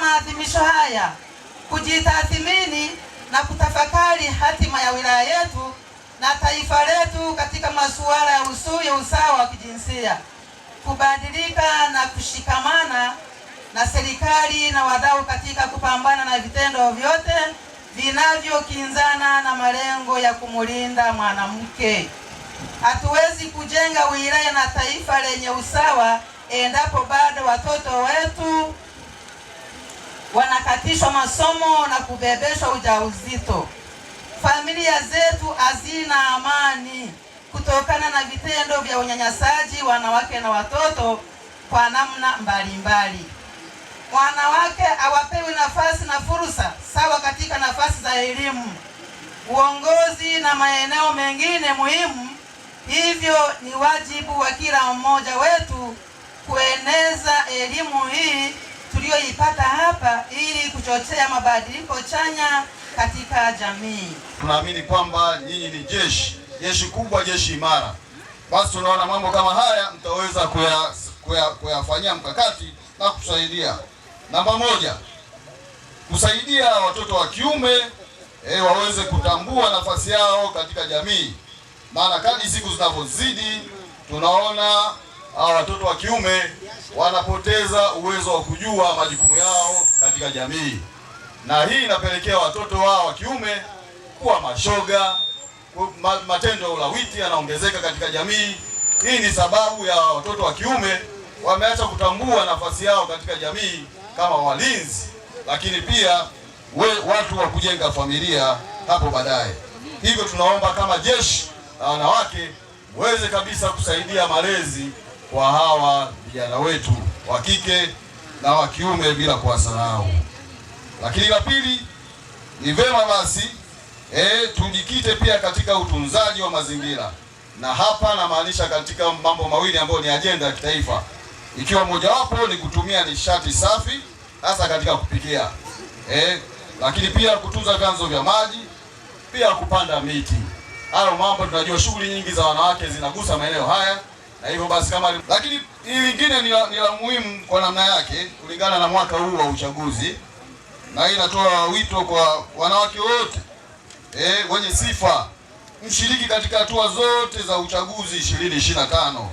maadhimisho haya kujitathmini na kutafakari hatima ya wilaya yetu na taifa letu katika masuala ya usui usawa wa kijinsia, kubadilika na kushikamana na serikali na wadau katika kupambana na vitendo vyote vinavyokinzana na malengo ya kumulinda mwanamke. Hatuwezi kujenga wilaya na taifa lenye usawa endapo bado watoto wetu wanakatishwa masomo na kubebeshwa ujauzito. Familia zetu hazina amani kutokana na vitendo vya unyanyasaji wanawake na watoto kwa namna mbalimbali. Wanawake hawapewi nafasi na fursa sawa katika nafasi za elimu, uongozi na maeneo mengine muhimu. Hivyo ni wajibu wa kila mmoja wetu kueneza elimu hii tuliyoipata hapa ili kuchochea mabadiliko chanya katika jamii. Tunaamini kwamba nyinyi ni jeshi, jeshi kubwa, jeshi imara. Basi tunaona mambo kama haya mtaweza kuyafanyia kuya, kuya mkakati na kusaidia. Namba moja, kusaidia watoto wa kiume e, waweze kutambua nafasi yao katika jamii, maana kadri siku zinavyozidi tunaona hawa watoto wa kiume wanapoteza uwezo wa kujua majukumu yao katika jamii, na hii inapelekea watoto wao wa kiume kuwa mashoga, matendo ya ulawiti yanaongezeka katika jamii. Hii ni sababu ya watoto wa kiume wameacha kutambua nafasi yao katika jamii kama walinzi, lakini pia we, watu wa kujenga familia hapo baadaye. Hivyo tunaomba kama jeshi la wanawake muweze kabisa kusaidia malezi kwa hawa vijana wetu wa kike na wa kiume bila kuwasahau. Lakini la pili ni vema basi e, tujikite pia katika utunzaji wa mazingira, na hapa namaanisha katika mambo mawili ambayo ni ajenda ya kitaifa, ikiwa mojawapo ni kutumia nishati safi hasa katika kupikia e, lakini pia kutunza vyanzo vya maji, pia kupanda miti. Hayo mambo tunajua, shughuli nyingi za wanawake zinagusa maeneo haya na hivyo basi kama lakini hili lingine ni la muhimu kwa namna yake kulingana na mwaka huu wa uchaguzi, na hii inatoa wito kwa wanawake wote eh, wenye sifa mshiriki katika hatua zote za uchaguzi 2025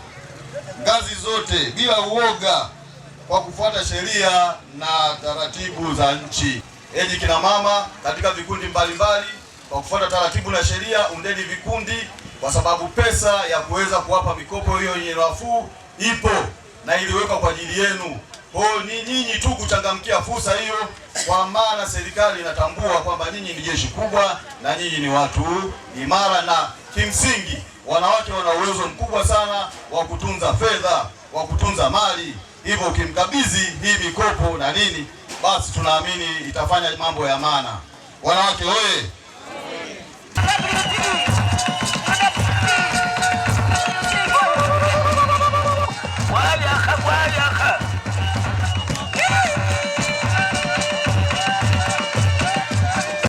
ngazi zote bila uoga, kwa kufuata sheria na taratibu za nchi. Enyi kina mama katika vikundi mbalimbali, kwa kufuata taratibu na sheria, undeni vikundi kwa sababu pesa ya kuweza kuwapa mikopo hiyo yenye nafuu ipo na iliwekwa kwa ajili yenu. Kwa hiyo ni nyinyi tu kuchangamkia fursa hiyo, kwa maana serikali inatambua kwamba nyinyi ni jeshi kubwa na nyinyi ni watu imara, na kimsingi wanawake wana uwezo mkubwa sana wa kutunza fedha, wa kutunza mali. Hivyo ukimkabidhi hii mikopo na nini, basi tunaamini itafanya mambo ya maana. Wanawake oye!